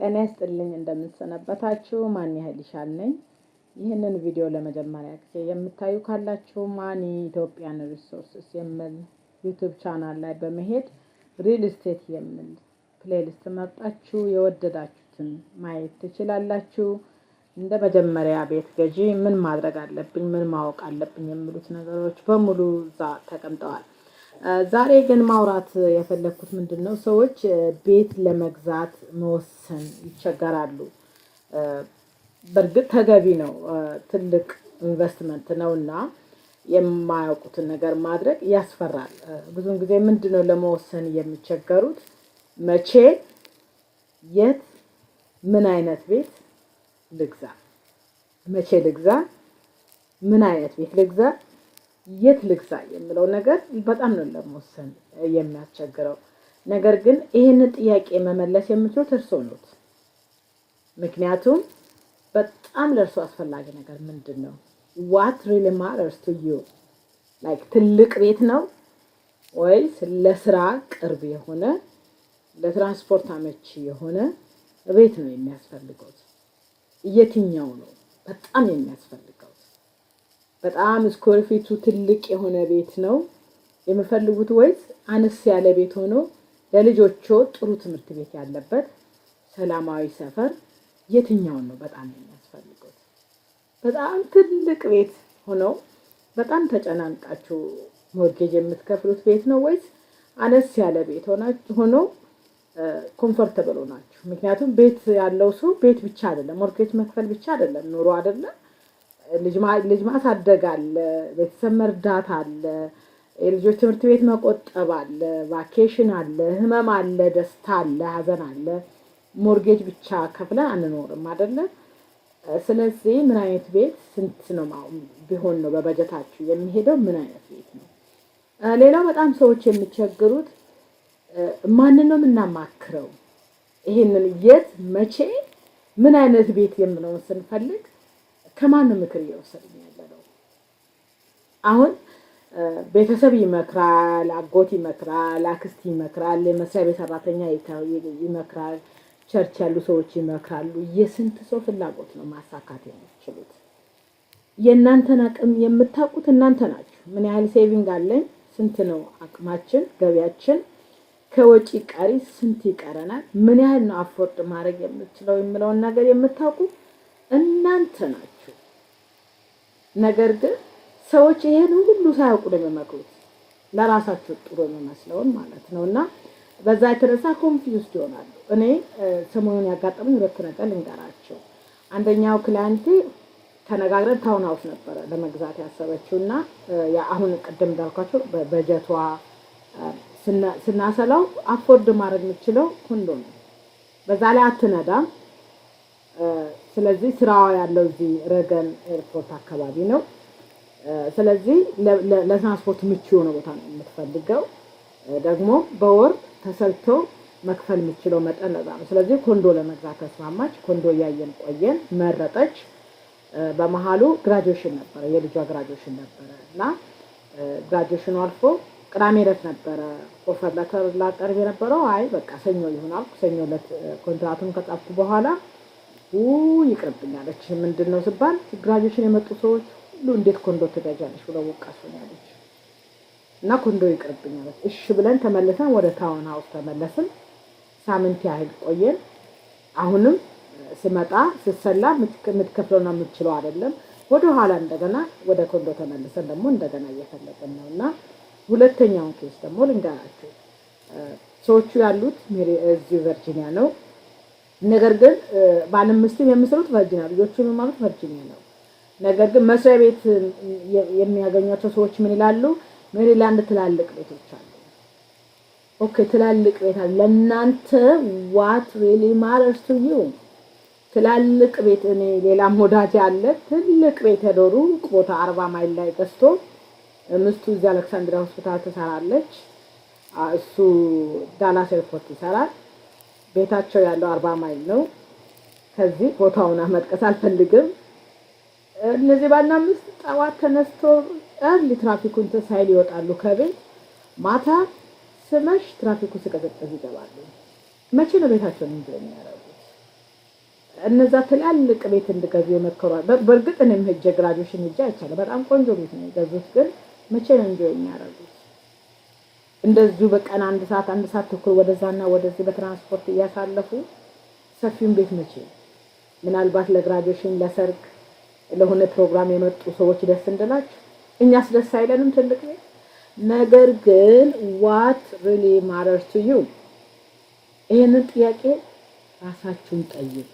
ጤና ይስጥልኝ። እንደምንሰነበታችሁ ማን ያህል ይሻል ነኝ። ይህንን ቪዲዮ ለመጀመሪያ ጊዜ የምታዩ ካላችሁ ማኒ ኢትዮጵያን ሪሶርስስ የሚል ዩቱብ ቻናል ላይ በመሄድ ሪል ስቴት የሚል ፕሌሊስት መርጣችሁ የወደዳችሁትን ማየት ትችላላችሁ። እንደ መጀመሪያ ቤት ገዢ ምን ማድረግ አለብኝ፣ ምን ማወቅ አለብኝ የሚሉት ነገሮች በሙሉ እዛ ተቀምጠዋል። ዛሬ ግን ማውራት የፈለግኩት ምንድን ነው፣ ሰዎች ቤት ለመግዛት መወሰን ይቸገራሉ። በእርግጥ ተገቢ ነው፣ ትልቅ ኢንቨስትመንት ነው እና የማያውቁትን ነገር ማድረግ ያስፈራል። ብዙን ጊዜ ምንድን ነው ለመወሰን የሚቸገሩት? መቼ፣ የት፣ ምን አይነት ቤት ልግዛ፣ መቼ ልግዛ፣ ምን አይነት ቤት ልግዛ የት ልግዛ የምለው ነገር በጣም ነው ለመወሰን የሚያስቸግረው። ነገር ግን ይህንን ጥያቄ መመለስ የምችሉት እርሶ ኖት። ምክንያቱም በጣም ለእርሶ አስፈላጊ ነገር ምንድን ነው? ዋት ሪሊ ማተርስ ቱ ዩ ላይክ ትልቅ ቤት ነው ወይስ ለስራ ቅርብ የሆነ ለትራንስፖርት አመቺ የሆነ ቤት ነው የሚያስፈልገው? የትኛው ነው በጣም የሚያስፈልገው? በጣም እስኮርፊቱ ትልቅ የሆነ ቤት ነው የምፈልጉት፣ ወይስ አነስ ያለ ቤት ሆኖ ለልጆቹ ጥሩ ትምህርት ቤት ያለበት ሰላማዊ ሰፈር የትኛውን ነው በጣም የሚያስፈልጉት? በጣም ትልቅ ቤት ሆኖ በጣም ተጨናንቃችሁ ሞርጌጅ የምትከፍሉት ቤት ነው ወይስ አነስ ያለ ቤት ሆኖ ኮምፎርተብል ናችሁ? ምክንያቱም ቤት ያለው ሰው ቤት ብቻ አይደለም ሞርጌጅ መክፈል ብቻ አይደለም ኑሮ አይደለም ልጅ ማሳደግ አለ፣ ቤተሰብ መርዳት አለ፣ የልጆች ትምህርት ቤት መቆጠብ አለ፣ ቫኬሽን አለ፣ ህመም አለ፣ ደስታ አለ፣ ሀዘን አለ። ሞርጌጅ ብቻ ከፍለን አንኖርም አይደለም። ስለዚህ ምን አይነት ቤት ስንት ነው ቢሆን ነው በበጀታችሁ የሚሄደው? ምን አይነት ቤት ነው? ሌላው በጣም ሰዎች የሚቸግሩት ማንን ነው የምናማክረው? ይሄንን የት መቼ ምን አይነት ቤት የምለውን ስንፈልግ ከማን ምክር እየወሰድን ያለነው? አሁን ቤተሰብ ይመክራል፣ አጎት ይመክራል፣ አክስት ይመክራል፣ መስሪያ ቤት ሰራተኛ ይመክራል፣ ቸርች ያሉ ሰዎች ይመክራሉ። የስንት ሰው ፍላጎት ነው ማሳካት የሚችሉት? የእናንተን አቅም የምታውቁት እናንተ ናችሁ። ምን ያህል ሴቪንግ አለኝ፣ ስንት ነው አቅማችን፣ ገቢያችን ከወጪ ቀሪ ስንት ይቀረናል፣ ምን ያህል ነው አፎርድ ማድረግ የምችለው የምለውን ነገር የምታውቁ እናንተ ናችሁ። ነገር ግን ሰዎች ይሄን ሁሉ ሳያውቁ ነው የሚመክሩት፣ ለራሳቸው ጥሩ የሚመስለውን ማለት ነው። እና በዛ የተነሳ ኮንፊውዝድ ይሆናሉ። እኔ ሰሞኑን ያጋጠመኝ ሁለት ነገር ልንገራቸው። አንደኛው ክላንቴ ተነጋግረን ታውን ሀውስ ነበረ ለመግዛት ያሰበችው እና አሁን ቅድም እንዳልኳቸው በበጀቷ ስናሰላው አፎርድ ማድረግ የምችለው ኮንዶም ነው። በዛ ላይ አትነዳም ስለዚህ ስራ ያለው እዚህ ረገን ኤርፖርት አካባቢ ነው። ስለዚህ ለትራንስፖርት ምቹ የሆነ ቦታ ነው የምትፈልገው። ደግሞ በወር ተሰልቶ መክፈል የምችለው መጠን ነዛ ነው። ስለዚህ ኮንዶ ለመግዛት ተስማማች። ኮንዶ እያየን ቆየን፣ መረጠች። በመሀሉ ግራጁዌሽን ነበረ፣ የልጇ ግራጁዌሽን ነበረ እና ግራጁዌሽኑ አልፎ ቅዳሜ ዕለት ነበረ ኦፈር ላቀርብ የነበረው። አይ በቃ ሰኞ ይሆናል። ሰኞ ዕለት ኮንትራቱን ከጻፍኩ በኋላ ይቅርብኝ አለች። ምንድን ነው ስባል ግራጁዌሽን የመጡ ሰዎች ሁሉ እንዴት ኮንዶ ትገጃለች ብለው ወቀሱኝ አለች እና ኮንዶ ይቅርብኝ አለች። እሺ ብለን ተመልሰን ወደ ታውን ሀውስ ተመለስን። ሳምንት ያህል ቆየን። አሁንም ስመጣ ስሰላ የምትከፍለውና የምትችለው አይደለም። ወደኋላ እንደገና ወደ ኮንዶ ተመልሰን ደግሞ እንደገና እየፈለግን ነው እና ሁለተኛውን ኬስ ደግሞ ልንገራችሁ። ሰዎቹ ያሉት እዚሁ ቨርጂኒያ ነው። ነገር ግን ባለ ሚስትም የምሰሩት ቨርጅን ልጆቹ ልጆቹም የማሉት ቨርጅን ነው። ነገር ግን መስሪያ ቤት የሚያገኟቸው ሰዎች ምን ይላሉ? ሜሪላንድ ትላልቅ ቤቶች አሉ። ኦኬ ትላልቅ ቤት አለ ለእናንተ ዋት ሪሊ ማተርስ ቱ ዩ ትላልቅ ቤት። እኔ ሌላም ወዳጅ አለ ትልቅ ቤት ያደሩ ቦታ አርባ ማይል ላይ ገዝቶ ምስቱ እዚህ አሌክሳንድሪያ ሆስፒታል ትሰራለች፣ እሱ ዳላስ ኤርፖርት ይሰራል። ቤታቸው ያለው አርባ ማይል ነው። ከዚህ ቦታውን መጥቀስ አልፈልግም። እነዚህ ባና አምስት ጠዋት ተነስቶ እርሊ ትራፊኩን ሳይል ይወጣሉ ከቤት ማታ ስመሽ ትራፊኩ ስቀዘቀዝ ይገባሉ። መቼ ነው ቤታቸውን እንደ የሚያደርጉት? እነዛ ትላልቅ ቤት እንድገዙ የመከሯል። በእርግጥ እኔም ሄጄ ግራጁዌሽን ሄጄ አይቻለሁ። በጣም ቆንጆ ቤት ነው የገዙት፣ ግን መቼ ነው እንደ የሚያደርጉት? እንደዚሁ በቀን አንድ ሰዓት አንድ ሰዓት ተኩል ወደዛና ወደዚህ በትራንስፖርት እያሳለፉ ሰፊውን ቤት መቼ ምናልባት ለግራጁዌሽን፣ ለሰርግ፣ ለሆነ ፕሮግራም የመጡ ሰዎች ደስ እንድላችሁ እኛስ ደስ አይለንም ትልቅ ቤት። ነገር ግን ዋት ሪሊ ማረርስ ቱ ዩ ይህንን ጥያቄ ራሳችሁን ጠይቁ።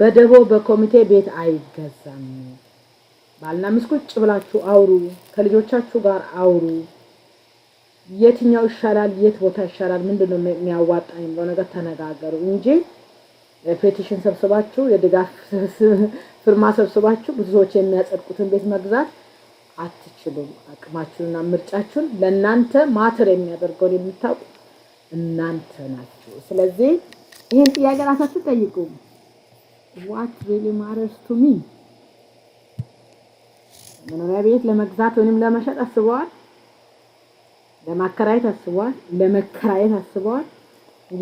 በደቦ በኮሚቴ ቤት አይገዛም። ባልና ሚስት ቁጭ ብላችሁ አውሩ፣ ከልጆቻችሁ ጋር አውሩ። የትኛው ይሻላል፣ የት ቦታ ይሻላል፣ ምንድነው የሚያዋጣኝ የሚለው ነገር ተነጋገሩ እንጂ ፔቲሽን ሰብስባችሁ የድጋፍ ፍርማ ሰብስባችሁ ብዙ ሰዎች የሚያጸድቁትን ቤት መግዛት አትችሉም። አቅማችሁንና ምርጫችሁን ለእናንተ ማተር የሚያደርገውን የምታውቁ እናንተ ናችሁ። ስለዚህ ይህን ጥያቄ ራሳችሁ ጠይቁ። ዋት ሪሊ ማተርስ ቱ ሚ መኖሪያ ቤት ለመግዛት ወይም ለመሸጥ አስበዋል? ለማከራየት አስበዋል፣ ለመከራየት አስበዋል።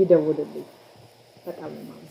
ይደውልልኝ። በጣም ነው